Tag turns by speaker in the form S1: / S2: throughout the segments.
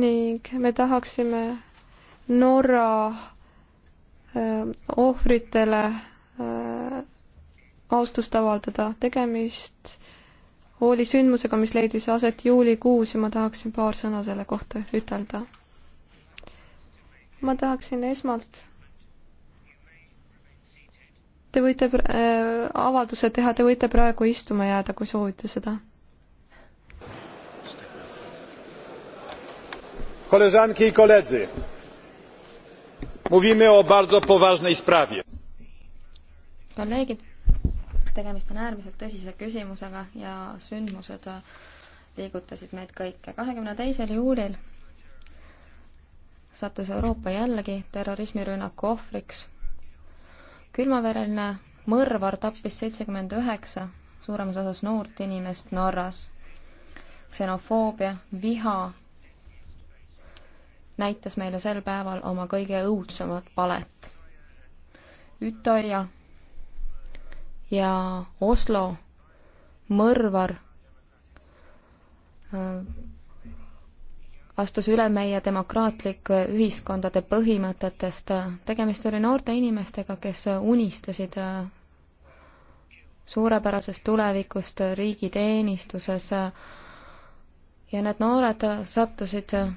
S1: ning me tahaksime Norra äh, ohvritele äh, austust avaldada. tegemist oli sündmusega, mis leidis aset juulikuus ja ma tahaksin paar sõna selle kohta ütelda. ma tahaksin esmalt Te võite äh, avalduse teha, te võite praegu istuma jääda, kui soovite seda.
S2: koleżanki i koledzy mówimy o bardzo poważnej sprawie
S3: kolleegid tegemist on äärmiselt tõsise küsimusega ja sündmused äh, liigutasid meid kõike kahekümne teisel juulil sattus Euroopa jällegi terrorismirünnaku ohvriks külmavereline mõrvar tappis seitsekümmend üheksa suuremas osas noort inimest Norras ksenofoobia viha näitas meile sel päeval oma kõige õudsemat palet. Ütoja ja Oslo mõrvar äh, astus üle meie demokraatlike ühiskondade põhimõtetest. tegemist oli noorte inimestega, kes unistasid äh, suurepärasest tulevikust riigiteenistuses ja need noored sattusid äh,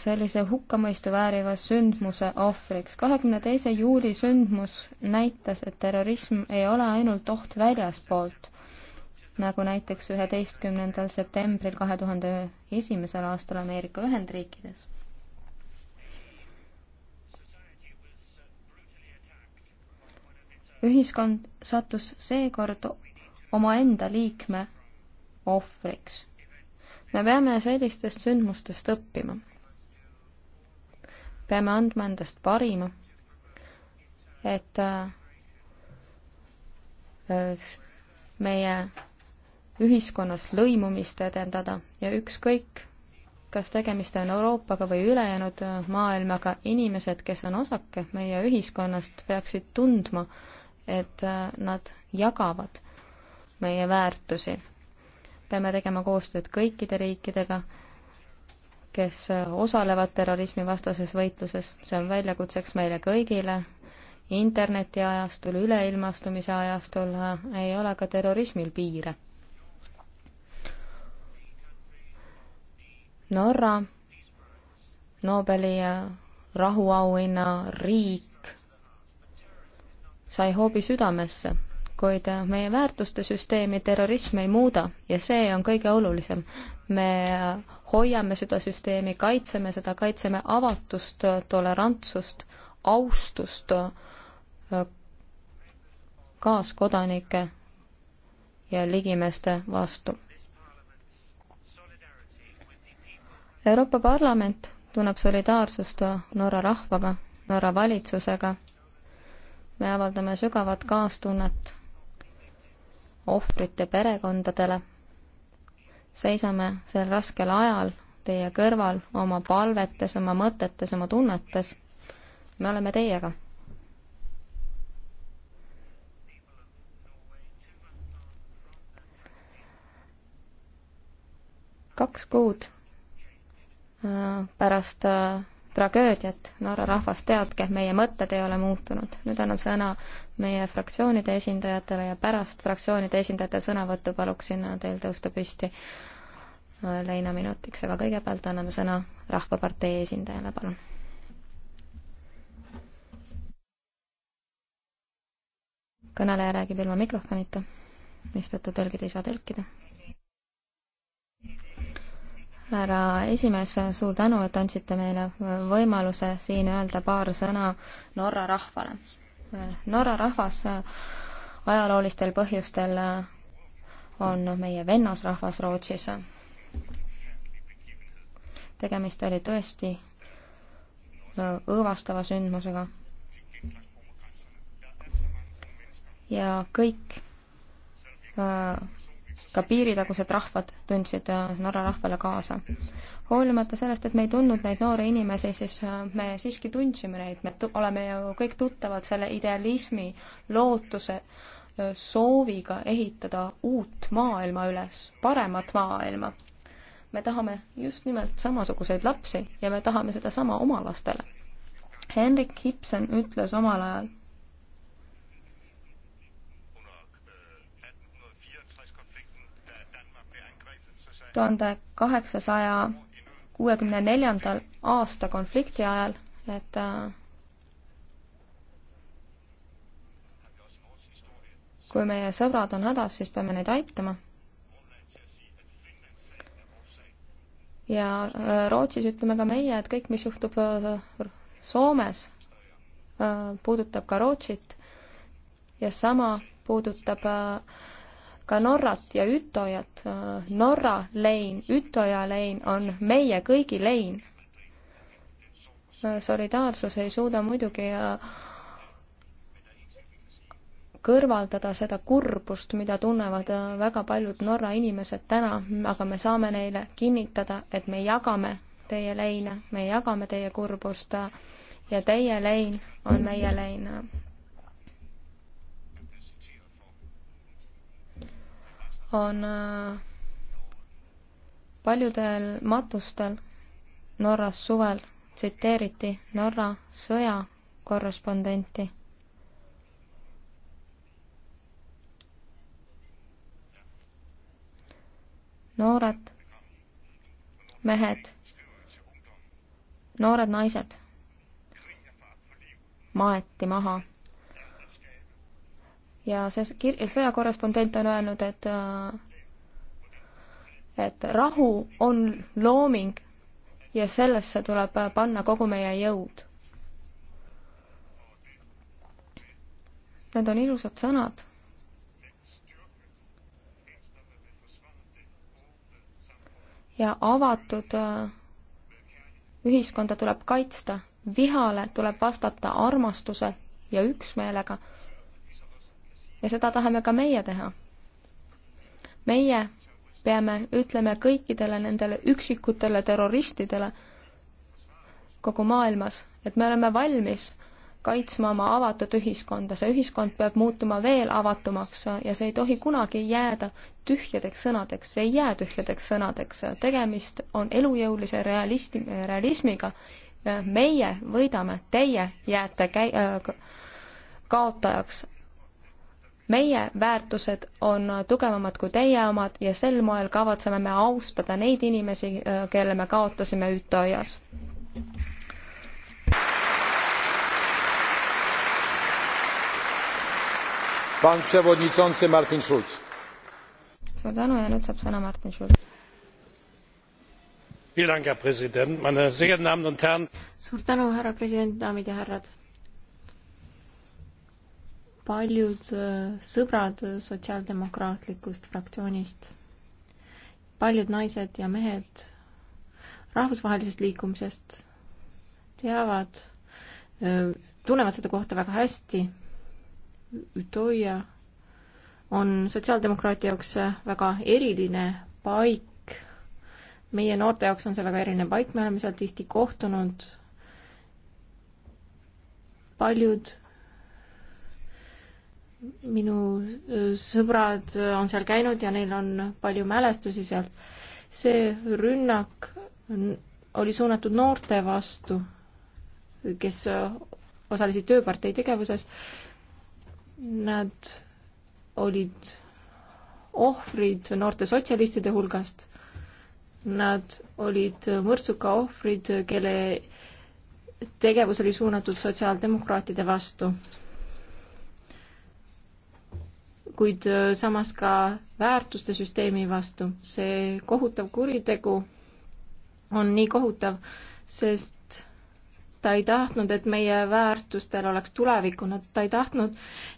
S3: sellise hukkamõistu vääriva sündmuse ohvriks. kahekümne teise juuli sündmus näitas, et terrorism ei ole ainult oht väljaspoolt, nagu näiteks üheteistkümnendal septembril kahe tuhande esimesel aastal Ameerika Ühendriikides. ühiskond sattus seekord omaenda liikme ohvriks. me peame sellistest sündmustest õppima peame andma endast parima, et äh, meie ühiskonnas lõimumist edendada ja ükskõik, kas tegemist on Euroopaga või ülejäänud äh, maailmaga, inimesed, kes on osake meie ühiskonnast, peaksid tundma, et äh, nad jagavad meie väärtusi. peame tegema koostööd kõikide riikidega kes osalevad terrorismivastases võitluses, see on väljakutseks meile kõigile, internetiajastul, üleilmastumise ajastul ei ole ka terrorismil piire. Norra Nobeli rahuauhinna riik sai hoobi südamesse kuid meie väärtuste süsteemi terrorism ei muuda ja see on kõige olulisem. me hoiame seda süsteemi, kaitseme seda, kaitseme avatust, tolerantsust, austust äh, kaaskodanike ja ligimeeste vastu. Euroopa Parlament tunneb solidaarsust Norra rahvaga, Norra valitsusega. me avaldame sügavat kaastunnet ohvrite perekondadele seisame sel raskel ajal teie kõrval oma palvetes, oma mõtetes, oma tunnetes. me oleme teiega. kaks kuud äh, pärast äh, tragöödiat, Norra rahvas, teadke, meie mõtted ei ole muutunud. nüüd annan sõna meie fraktsioonide esindajatele ja pärast fraktsioonide esindajate sõnavõttu paluksin teil tõusta püsti leinaminutiks, aga kõigepealt anname sõna Rahvapartei esindajale, palun. kõneleja räägib ilma mikrofonita, mistõttu tõlgid ei saa tõlkida härra esimees, suur tänu, et andsite meile võimaluse siin öelda paar sõna Norra rahvale. Norra rahvas ajaloolistel põhjustel on meie vennasrahvas Rootsis. tegemist oli tõesti õõvastava sündmusega. ja kõik ka piiritagused rahvad tundsid äh, Norra rahvale kaasa. hoolimata sellest, et me ei tundnud neid noori inimesi, siis äh, me siiski tundsime neid, me oleme ju kõik tuttavad selle idealismi, lootuse, äh, sooviga ehitada uut maailma üles, paremat maailma. me tahame just nimelt samasuguseid lapsi ja me tahame sedasama oma lastele. Henrik Ibsen ütles omal ajal tuhande kaheksasaja kuuekümne neljandal aasta konflikti ajal, et äh, kui meie sõbrad on hädas, siis peame neid aitama. ja äh, Rootsis ütleme ka meie, et kõik, mis juhtub äh, Soomes, puudutab ka Rootsit ja sama puudutab äh, ka Norrat ja Ütojat. Norra lein, Ütoja lein on meie kõigi lein. solidaarsus ei suuda muidugi äh, kõrvaldada seda kurbust, mida tunnevad äh, väga paljud Norra inimesed täna, aga me saame neile kinnitada, et me jagame teie leine, me jagame teie kurbust äh, ja teie lein on meie lein. on äh, paljudel matustel Norras suvel tsiteeriti Norra sõjakorrespondenti. noored mehed, noored naised maeti maha ja see kir-, sõjakorrespondent on öelnud, et äh, et rahu on looming ja sellesse tuleb äh, panna kogu meie jõud. Need on ilusad sõnad. ja avatud äh, ühiskonda tuleb kaitsta, vihale tuleb vastata armastuse ja üksmeelega ja seda tahame ka meie teha. meie peame ütlema kõikidele nendele üksikutele terroristidele kogu maailmas, et me oleme valmis kaitsma oma avatud ühiskonda, see ühiskond peab muutuma veel avatumaks ja see ei tohi kunagi jääda tühjadeks sõnadeks, see ei jää tühjadeks sõnadeks, tegemist on elujõulise realisti-, realismiga, meie võidame, teie jääte käi-, äh, kaotajaks meie väärtused on tugevamad kui teie omad ja sel moel kavatseme me austada neid inimesi, kelle me kaotasime Ütoias. suur tänu
S2: ja nüüd saab sõna Martin Schulz. suur tänu, härra president, daamid ja härrad paljud äh, sõbrad äh, sotsiaaldemokraatlikust fraktsioonist, paljud naised ja mehed rahvusvahelisest liikumisest teavad, äh, tunnevad seda kohta väga hästi. Utoja on sotsiaaldemokraatia jaoks väga eriline paik. meie noorte jaoks on see väga eriline paik, me oleme seal tihti kohtunud. paljud minu äh, sõbrad äh, on seal käinud ja neil on palju mälestusi sealt. see rünnak oli suunatud noorte vastu, kes äh, osalesid Tööpartei tegevuses. Nad olid ohvrid noorte sotsialistide hulgast. Nad olid mõrtsuka ohvrid, kelle tegevus oli suunatud sotsiaaldemokraatide vastu kuid äh, samas ka väärtuste süsteemi vastu. see kohutav kuritegu on nii kohutav, sest ta ei tahtnud, et meie väärtustel oleks tulevikku, nad, ta ei tahtnud,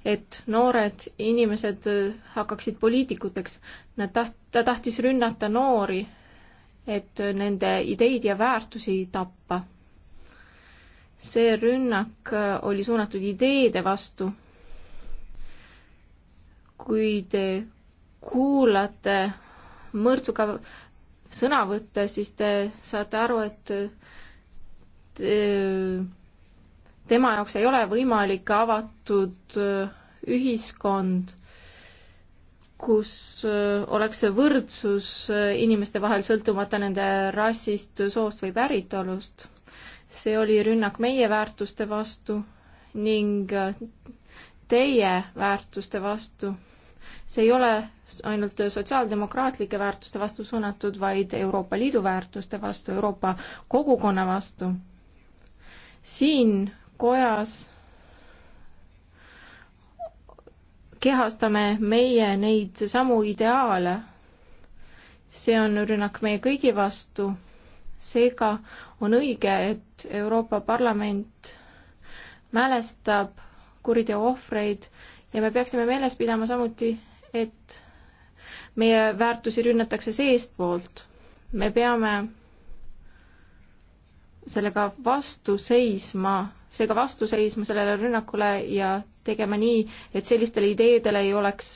S2: et noored inimesed äh, hakkaksid poliitikuteks. Nad taht-, ta tahtis rünnata noori, et äh, nende ideid ja väärtusi tappa. see rünnak oli suunatud ideede vastu kui te kuulate mõrtsuga sõnavõtte, siis te saate aru, et te, tema jaoks ei ole võimalik avatud äh, ühiskond, kus äh, oleks võrdsus äh, inimeste vahel, sõltumata nende rassist, soost või päritolust. see oli rünnak meie väärtuste vastu ning teie väärtuste vastu see ei ole ainult sotsiaaldemokraatlike väärtuste vastu suunatud, vaid Euroopa Liidu väärtuste vastu, Euroopa kogukonna vastu. siin kojas kehastame meie neid samu ideaale. see on rünnak meie kõigi vastu. seega on õige, et Euroopa Parlament mälestab kuriteo ohvreid ja me peaksime meeles pidama samuti et meie väärtusi rünnatakse seestpoolt. me peame sellega vastu seisma, seega vastu seisma sellele rünnakule ja tegema nii, et sellistele ideedele ei oleks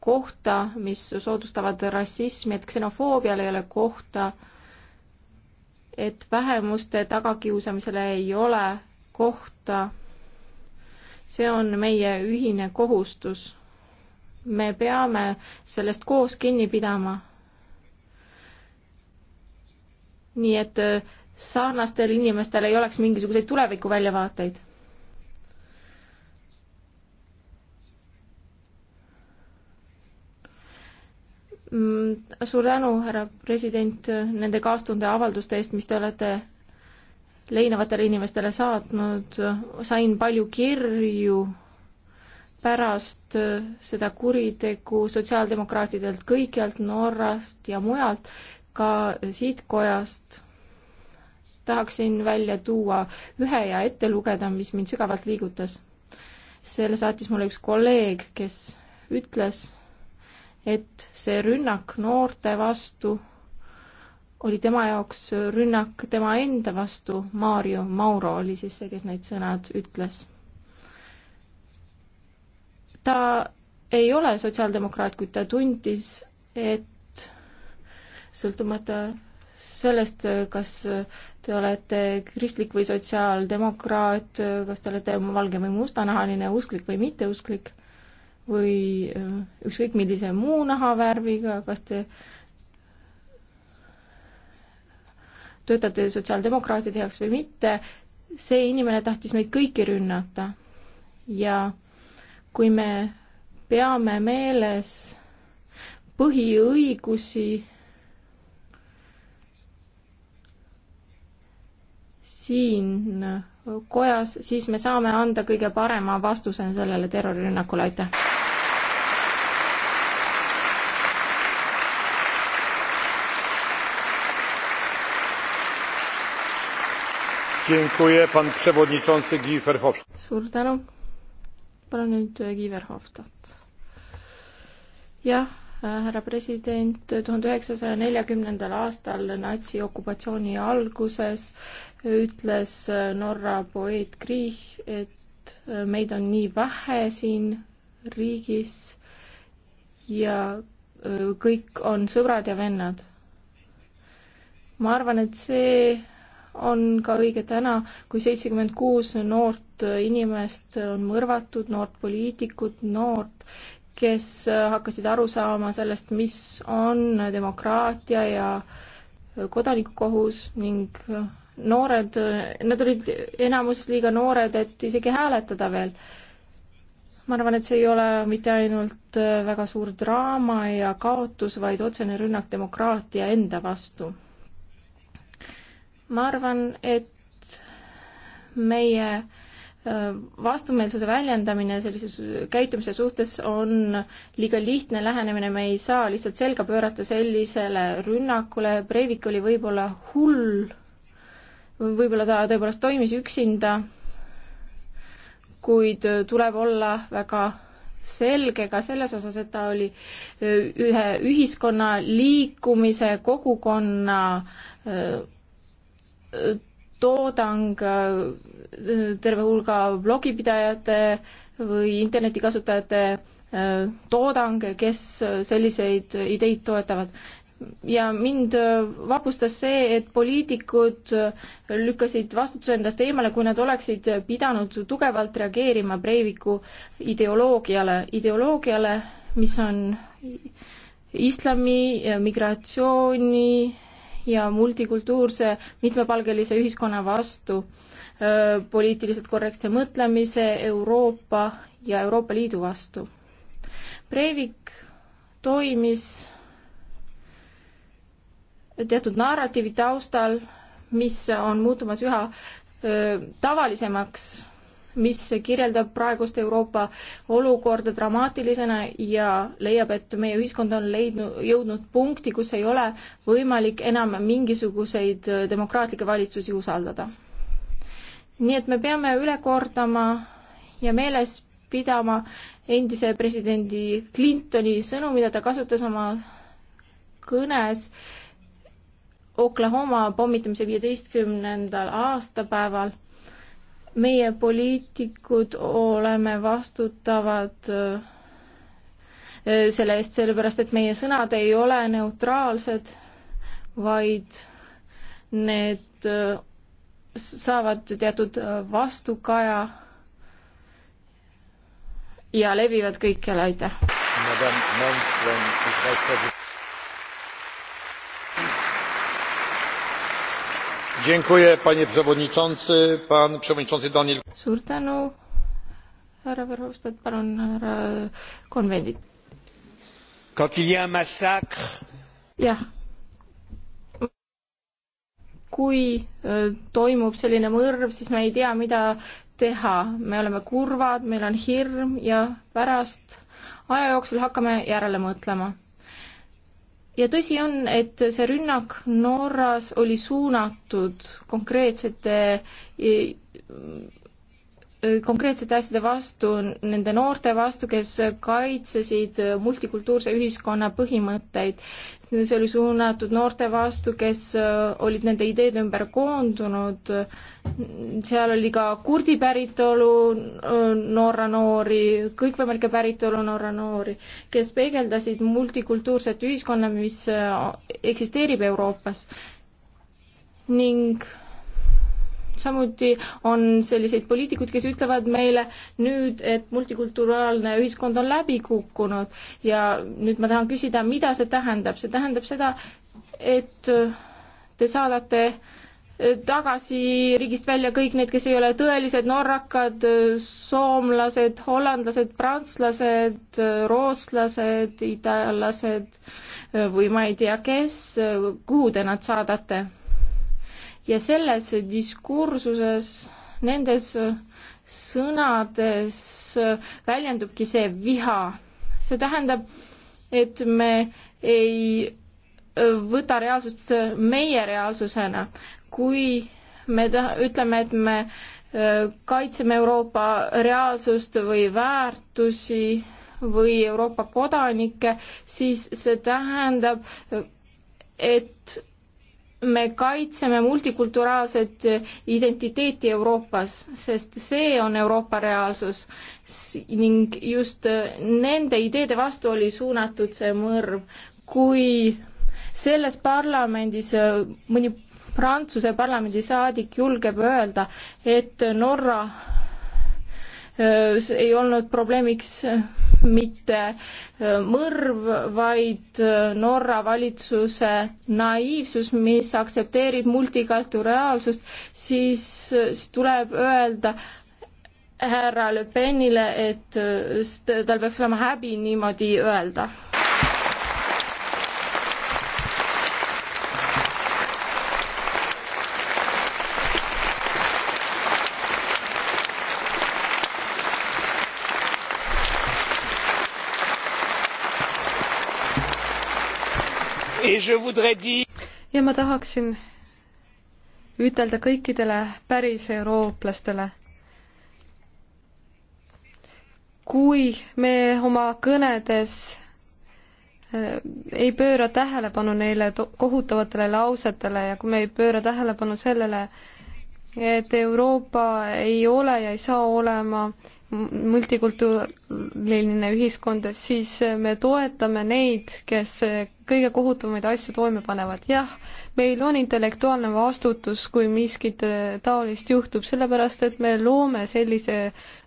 S2: kohta, mis soodustavad rassismi, et ksenofoobial ei ole kohta, et vähemuste tagakiusamisele ei ole kohta. see on meie ühine kohustus me peame sellest koos kinni pidama. nii et äh, sarnastel inimestel ei oleks mingisuguseid tulevikuväljavaateid. Mm, suur tänu, härra president, nende kaastunde avalduste eest, mis te olete leinavatele inimestele saatnud, sain palju kirju pärast äh, seda kuritegu sotsiaaldemokraatidelt kõikjalt Norrast ja mujalt, ka siit kojast tahaksin välja tuua ühe ja ette lugeda, mis mind sügavalt liigutas. selle saatis mulle üks kolleeg, kes ütles, et see rünnak noorte vastu oli tema jaoks rünnak tema enda vastu, Mario Mauro oli siis see, kes need sõnad ütles ta ei ole sotsiaaldemokraat, kuid ta tundis, et sõltumata sellest, kas te olete kristlik või sotsiaaldemokraat, kas te olete valge või mustanahaline, usklik või mitteusklik või äh, ükskõik millise muu nahavärviga, kas te töötate sotsiaaldemokraatide heaks või mitte, see inimene tahtis meid kõiki rünnata ja kui me peame meeles põhiõigusi, siin kojas, siis me saame anda kõige parema vastuse sellele terrorirünnakule, aitäh! suur tänu! palun nüüd äh, Kiiverhoftat. jah, äh, härra president, tuhande üheksasaja neljakümnendal aastal natsiokupatsiooni alguses ütles äh, Norra poeet Grieg, et meid on nii vähe siin riigis ja kõik on sõbrad ja vennad. ma arvan, et see on ka õige täna, kui seitsekümmend kuus noort inimest on mõrvatud, noort poliitikut, noort, kes hakkasid aru saama sellest, mis on demokraatia ja kodanikukohus ning noored, nad olid enamuses liiga noored, et isegi hääletada veel. ma arvan, et see ei ole mitte ainult väga suur draama ja kaotus, vaid otsene rünnak demokraatia enda vastu ma arvan, et meie äh, vastumeelsuse väljendamine sellises käitumise suhtes on liiga lihtne lähenemine, me ei saa lihtsalt selga pöörata sellisele rünnakule, Breivik oli võib-olla hull, võib-olla ta tõepoolest toimis üksinda, kuid äh, tuleb olla väga selge ka selles osas, et ta oli äh, ühe ühiskonna liikumise, kogukonna toodang terve hulga blogipidajate või internetikasutajate äh, toodang, kes selliseid ideid toetavad. ja mind vapustas see, et poliitikud lükkasid vastutuse endast eemale, kui nad oleksid pidanud tugevalt reageerima Breiviku ideoloogiale, ideoloogiale, mis on islami, migratsiooni ja multikultuurse mitmepalgelise ühiskonna vastu, poliitiliselt korrektse mõtlemise Euroopa ja Euroopa Liidu vastu. Breivik toimis teatud narratiivi taustal, mis on muutumas üha öö, tavalisemaks mis kirjeldab praegust Euroopa olukorda dramaatilisena ja leiab, et meie ühiskond on leidnud, jõudnud punkti, kus ei ole võimalik enam mingisuguseid demokraatlikke valitsusi usaldada. nii et me peame üle kordama ja meeles pidama endise presidendi Clintoni sõnu, mida ta kasutas oma kõnes Oklahoma pommitamise viieteistkümnendal aastapäeval meie poliitikud oleme vastutavad äh, selle eest, sellepärast et meie sõnad ei ole neutraalsed, vaid need äh, saavad teatud äh, vastukaja ja levivad kõikjale, aitäh! Dziękuję, panie
S1: przewodniczący. Pan przewodniczący Daniel.
S2: Suur tänu, härra Verhofstadt, palun härra konvendit.
S1: Quand il y a un massacre.
S2: jah. kui äh, toimub selline mõrv, siis me ei tea, mida teha, me oleme kurvad, meil on hirm ja pärast aja jooksul hakkame järele mõtlema ja tõsi on, et see rünnak Norras oli suunatud konkreetsete konkreetsete asjade vastu, nende noorte vastu, kes kaitsesid multikultuurse ühiskonna põhimõtteid. see oli suunatud noorte vastu, kes olid nende ideede ümber koondunud. seal oli ka kurdi päritolu Norra noori, kõikvõimalikke päritolu Norra noori, kes peegeldasid multikultuurset ühiskonna, mis eksisteerib Euroopas ning samuti on selliseid poliitikuid, kes ütlevad meile nüüd, et multikulturaalne ühiskond on läbi kukkunud ja nüüd ma tahan küsida, mida see tähendab, see tähendab seda, et te saadate tagasi riigist välja kõik need, kes ei ole tõelised norrakad, soomlased, hollandlased, prantslased, rootslased, itaallased või ma ei tea, kes, kuhu te nad saadate? ja selles diskursuses, nendes sõnades väljendubki see viha. see tähendab, et me ei võta reaalsust meie reaalsusena. kui me ta-, ütleme, et me äh, kaitseme Euroopa reaalsust või väärtusi või Euroopa kodanikke, siis see tähendab, et me kaitseme multikulturaalset identiteeti Euroopas, sest see on Euroopa reaalsus ning just nende ideede vastu oli suunatud see mõrv. kui selles parlamendis mõni Prantsuse parlamendisaadik julgeb öelda, et Norra Äh, ei olnud probleemiks äh, mitte äh, mõrv, vaid Norra valitsuse naiivsus, mis aktsepteerib multikulturaalsust, siis tuleb öelda härra Le Penile, et tal peaks olema häbi niimoodi öelda
S1: ja ma tahaksin ütelda kõikidele päris eurooplastele. kui me oma kõnedes eh, ei pööra tähelepanu neile kohutavatele lausetele ja kui me ei pööra tähelepanu sellele, et Euroopa ei ole ja ei saa olema multikultuuriline ühiskond, siis me toetame neid, kes kõige kohutavamaid asju toime panevad. jah, meil on intellektuaalne vastutus, kui miskit taolist juhtub, sellepärast et me loome sellise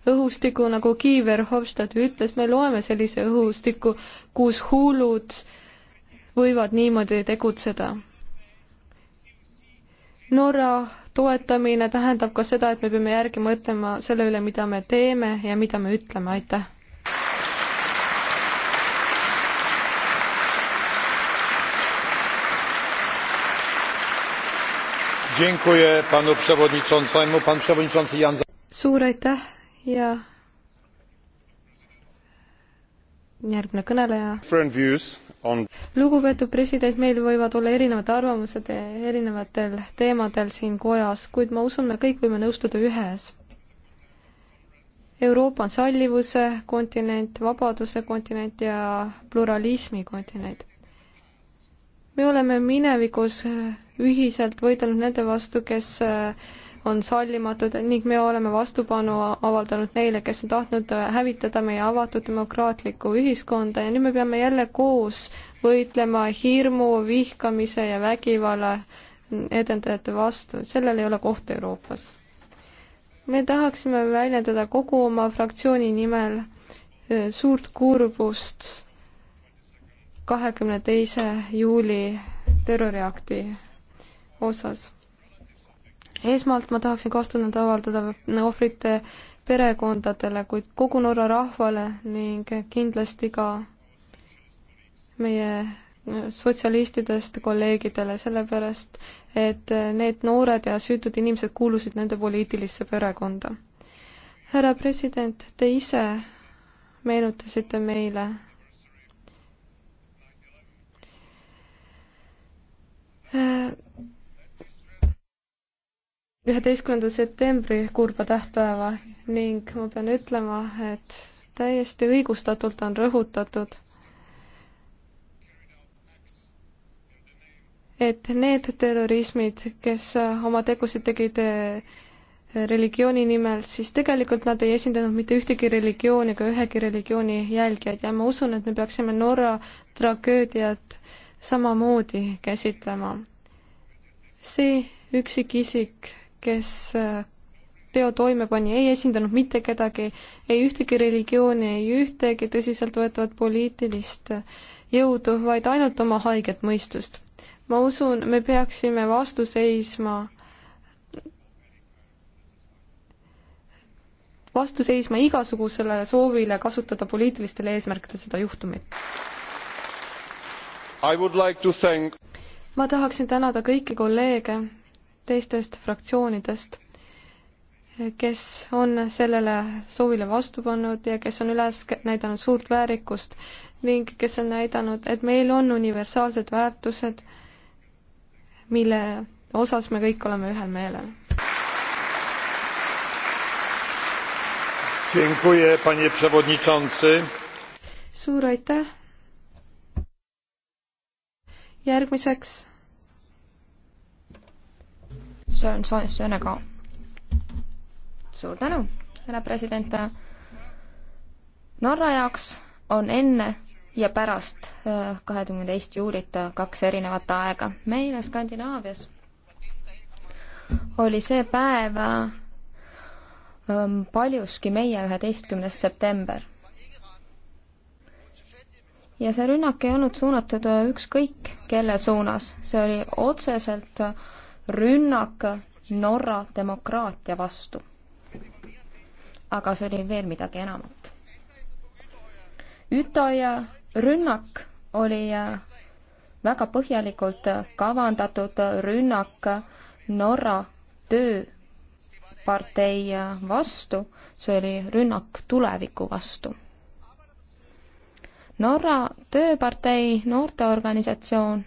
S1: õhustiku, nagu Kiiver Hofstad ütles, me loeme sellise õhustiku, kus hullud võivad niimoodi tegutseda Norra toetamine tähendab ka seda, et me peame järgi mõtlema selle üle, mida me teeme ja mida me ütleme, aitäh! suur aitäh ja järgmine kõneleja on... lugupeetud president, meil võivad olla erinevad arvamused erinevatel teemadel siin kojas, kuid ma usun, me kõik võime nõustuda ühes. Euroopa on sallivuse kontinent, vabaduse kontinent ja pluralismi kontinent. me oleme minevikus ühiselt võidelnud nende vastu, kes äh, on sallimatud ning me oleme vastupanu avaldanud neile, kes on tahtnud äh, hävitada meie avatud demokraatlikku ühiskonda ja nüüd me peame jälle koos võitlema hirmu, vihkamise ja vägivalla edendajate vastu, sellel ei ole kohta Euroopas. me tahaksime väljendada kogu oma fraktsiooni nimel äh, suurt kurbust kahekümne teise juuli terroriakti osas esmalt ma tahaksin kaastunnet avaldada ohvrite perekondadele, kuid kogu Norra rahvale ning kindlasti ka meie sotsialistidest kolleegidele, sellepärast et need noored ja süütud inimesed kuulusid nende poliitilisse perekonda. härra president, te ise meenutasite meile üheteistkümnenda septembri kurba tähtpäeva ning ma pean ütlema, et täiesti õigustatult on rõhutatud, et need terrorismid, kes oma tegusid tegid eh, religiooni nimel, siis tegelikult nad ei esindanud mitte ühtegi religiooni ega ühegi religiooni jälgijaid ja ma usun, et me peaksime Norra tragöödiat samamoodi käsitlema. see üksikisik kes teo äh, toime pani, ei esindanud mitte kedagi, ei ühtegi religiooni, ei ühtegi tõsiseltvõetavat poliitilist äh, jõudu, vaid ainult oma haiget mõistust. ma usun, me peaksime vastu seisma vastu seisma igasugusele soovile kasutada poliitilistel eesmärkidel seda juhtumit.
S3: Like thank...
S1: ma tahaksin tänada kõiki kolleege, teistest fraktsioonidest, kes on sellele soovile vastu pannud ja kes on üles näidanud suurt väärikust ning kes on näidanud, et meil on universaalsed väärtused, mille osas me kõik oleme ühel meelel. suur aitäh.
S3: järgmiseks Söön, söön, söön ka. suur tänu, härra president. Norra jaoks on enne ja pärast äh, kahekümne teist juulit kaks erinevat aega. meile Skandinaavias oli see päev äh, ähm, paljuski meie üheteistkümnes september. ja see rünnak ei olnud suunatud äh, ükskõik kelle suunas, see oli otseselt äh, rünnak Norra demokraatia vastu. aga see oli veel midagi enamat. Ütoja rünnak oli äh, väga põhjalikult äh, kavandatud rünnak Norra tööpartei äh, vastu, see oli rünnak tuleviku vastu. Norra tööpartei noorteorganisatsioon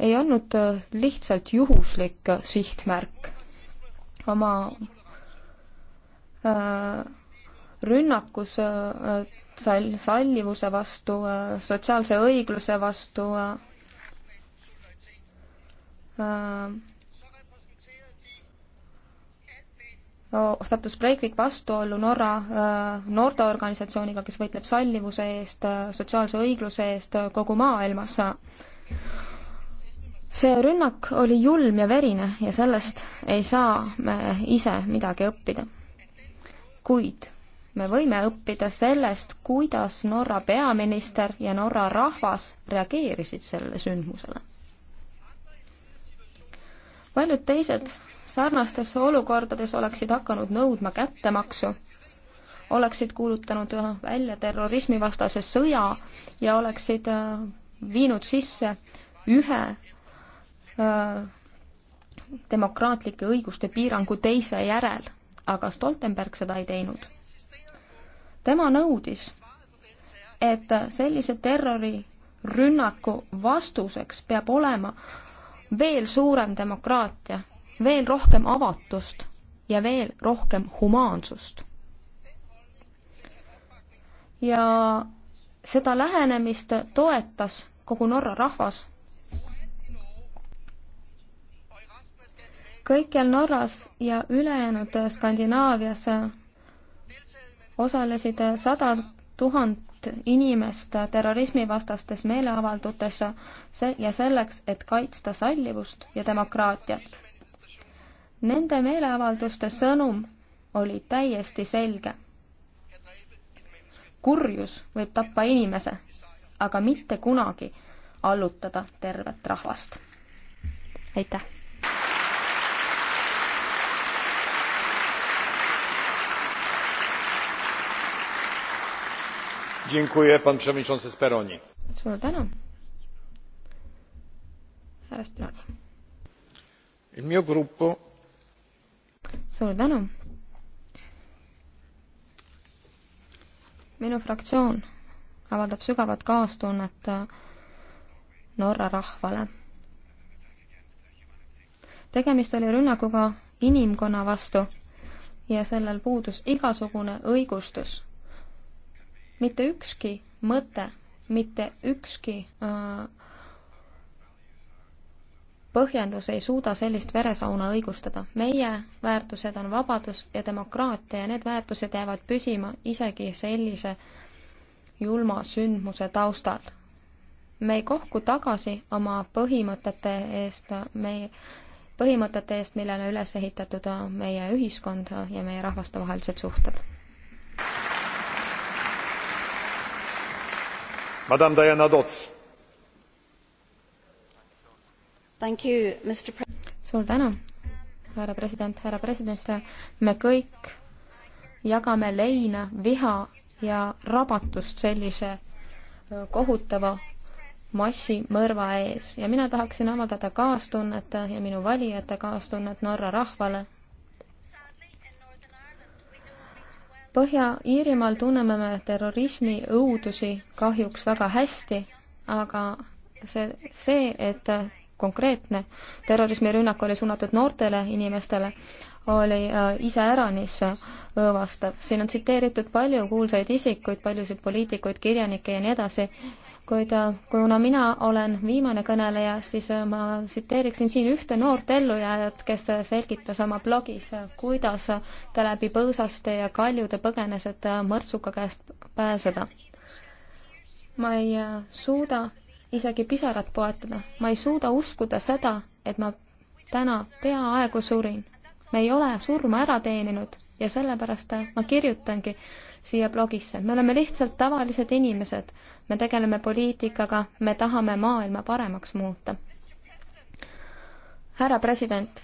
S3: ei olnud äh, lihtsalt juhuslik sihtmärk. oma äh, rünnakus äh, sall-, sallivuse vastu äh,, sotsiaalse õigluse vastu äh, äh, sattus Breivik vastuollu Norra noorteorganisatsiooniga, kes võitleb sallivuse eest, sotsiaalse õigluse eest kogu maailmas see rünnak oli julm ja verine ja sellest ei saa me ise midagi õppida. kuid me võime õppida sellest, kuidas Norra peaminister ja Norra rahvas reageerisid sellele sündmusele. paljud teised sarnastes olukordades oleksid hakanud nõudma kättemaksu, oleksid kuulutanud välja terrorismivastase sõja ja oleksid viinud sisse ühe Äh, demokraatlike õiguste piirangu teise järel, aga Stoltenberg seda ei teinud. tema nõudis, et sellise terrorirünnaku vastuseks peab olema veel suurem demokraatia, veel rohkem avatust ja veel rohkem humaansust. ja seda lähenemist toetas kogu Norra rahvas kõikjal Norras ja ülejäänud Skandinaavias osalesid sada tuhat inimest terrorismivastastes meeleavaldutes ja selleks, et kaitsta sallivust ja demokraatiat. Nende meeleavalduste sõnum oli täiesti selge. kurjus võib tappa inimese, aga mitte kunagi allutada tervet rahvast. aitäh!
S2: suur tänu härra Speroni.
S3: suur tänu. minu fraktsioon avaldab sügavat kaastunnet Norra rahvale. tegemist oli rünnakuga inimkonna vastu ja sellel puudus igasugune õigustus mitte ükski mõte, mitte ükski äh, põhjendus ei suuda sellist veresauna õigustada. meie väärtused on vabadus ja demokraatia ja need väärtused jäävad püsima isegi sellise julma sündmuse taustal. me ei kohku tagasi oma põhimõtete eest, me põhimõtete eest, millele üles ehitatud meie ühiskond ja meie rahvastevahelised suhted suur tänu härra president härra president me kõik jagame leina viha ja rabatust sellise kohutava massimõrva ees ja mina tahaksin avaldada kaastunnet ja minu valijate kaastunnet Norra rahvale Põhja-Iirimaal tunneme me terrorismi õudusi kahjuks väga hästi, aga see, see, et konkreetne terrorismirünnak oli suunatud noortele inimestele, oli äh, iseäranis äh, õõvastav. siin on tsiteeritud palju kuulsaid isikuid, paljusid poliitikuid, kirjanikke ja nii edasi kuid äh, kuna mina olen viimane kõneleja, siis äh, ma tsiteeriksin siin ühte noort ellujääjat, kes äh, selgitas oma blogis, kuidas ta läbi põõsaste ja kaljude põgenes, et mõrtsuka käest pääseda. ma ei suuda isegi pisarat poetada, ma ei suuda uskuda seda, et ma täna peaaegu surin. me ei ole surma ära teeninud ja sellepärast ma kirjutangi siia blogisse, me oleme lihtsalt tavalised inimesed me tegeleme poliitikaga, me tahame maailma paremaks muuta. härra president,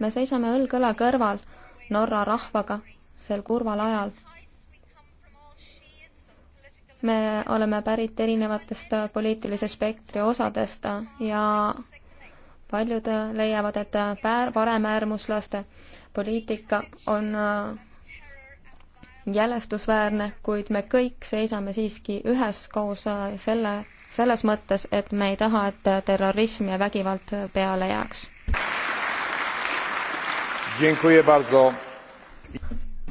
S3: me seisame õlg õla kõrval Norra rahvaga sel kurval ajal. me oleme pärit erinevatest poliitilise spektri osadest ja paljud leiavad, et paremäärmuslaste poliitika on jälestusväärne, kuid me kõik seisame siiski üheskoos äh, selle, selles mõttes, et me ei taha, et äh, terrorism ja vägivald peale jääks.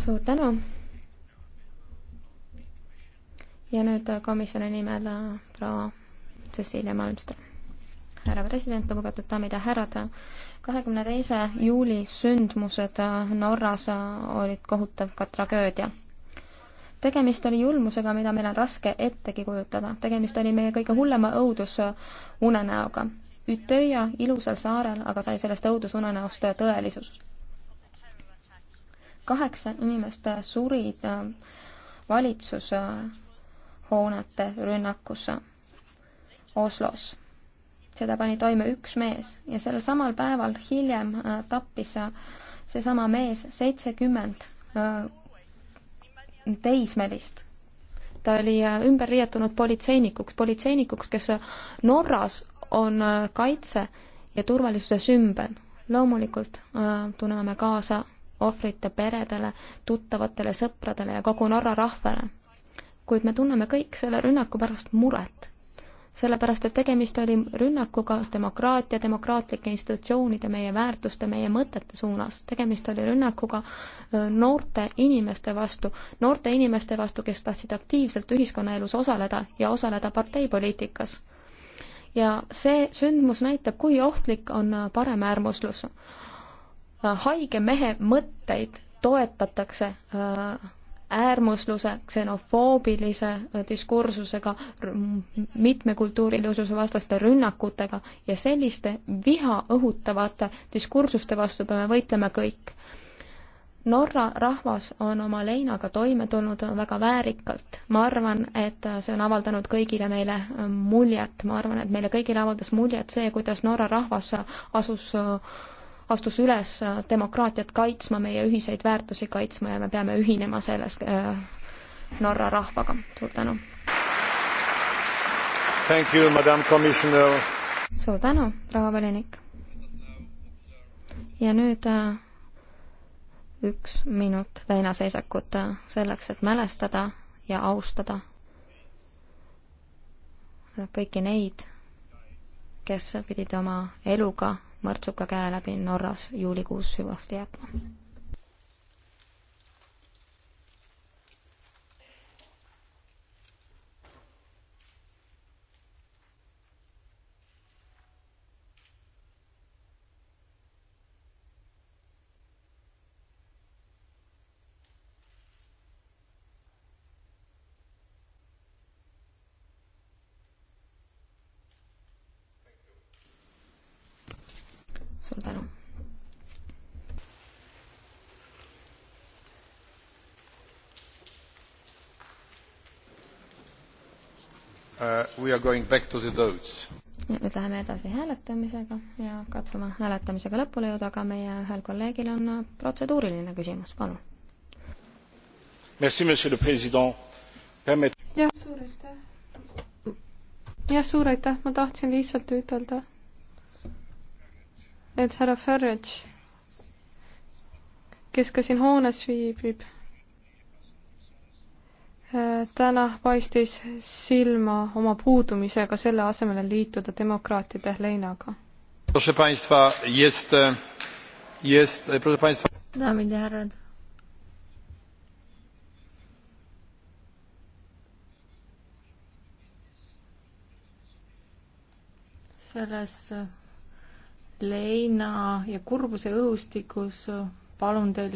S3: suur tänu. ja nüüd äh, komisjoni nimel proua Cecilia Malmström härra president, lugupeetud daamid ja härrad, kahekümne teise juuli sündmused Norras olid kohutav ka tragöödia tegemist oli julmusega, mida meil on raske ettegi kujutada. tegemist oli meie kõige hullema õudusunenäoga. Ütöja ilusal saarel aga sai sellest õudusunenäost tõelisus. kaheksa inimest surid valitsushoonete rünnakus Oslos seda pani toime üks mees ja sellel samal päeval hiljem äh, tappis äh, seesama mees seitsekümmend äh, teismelist. ta oli ümber riietunud politseinikuks, politseinikuks, kes Norras on kaitse ja turvalisuse sümbel. loomulikult tunneme me kaasa ohvrite peredele, tuttavatele, sõpradele ja kogu Norra rahvale. kuid me tunneme kõik selle rünnaku pärast muret sellepärast et tegemist oli rünnakuga demokraatia, demokraatlike institutsioonide, meie väärtuste, meie mõtete suunas. tegemist oli rünnakuga noorte inimeste vastu, noorte inimeste vastu, kes tahtsid aktiivselt ühiskonnaelus osaleda ja osaleda parteipoliitikas. ja see sündmus näitab, kui ohtlik on paremäärmuslus. haige mehe mõtteid toetatakse äh, äärmusluse, ksenofoobilise äh, diskursusega, mitmekultuurilisuse vastaste rünnakutega ja selliste viha õhutavate diskursuste vastu peame võitlema kõik. Norra rahvas on oma leinaga toime tulnud väga väärikalt. ma arvan, et äh, see on avaldanud kõigile meile äh, muljet, ma arvan, et meile kõigile avaldas muljet see, kuidas Norra rahvas asus astus üles äh, demokraatiat kaitsma, meie ühiseid väärtusi kaitsma ja me peame ühinema selles äh, Norra rahvaga. suur tänu! suur tänu, proua volinik! ja nüüd äh, üks minut väinaseisakut selleks, et mälestada ja austada kõiki neid, kes pidid oma eluga mõrtsuka käe läbi Norras juulikuus hüvasti jätma.
S1: uh,. We are going back to the votes.
S3: nüüd läheme edasi hääletamisega ja katsume hääletamisega lõpule jõuda, aga meie ühel kolleegil on protseduuriline küsimus, palun.
S1: Merci, monsieur le president. jah, suur aitäh. jah, suur aitäh, ma tahtsin lihtsalt ütelda, et härra Farage, kes ka siin hoones viibib täna paistis silma oma puudumisega, selle asemel liituda demokraatide leinaga.
S2: daamid ja härrad. selles leina ja kurbuse õhustikus palun teil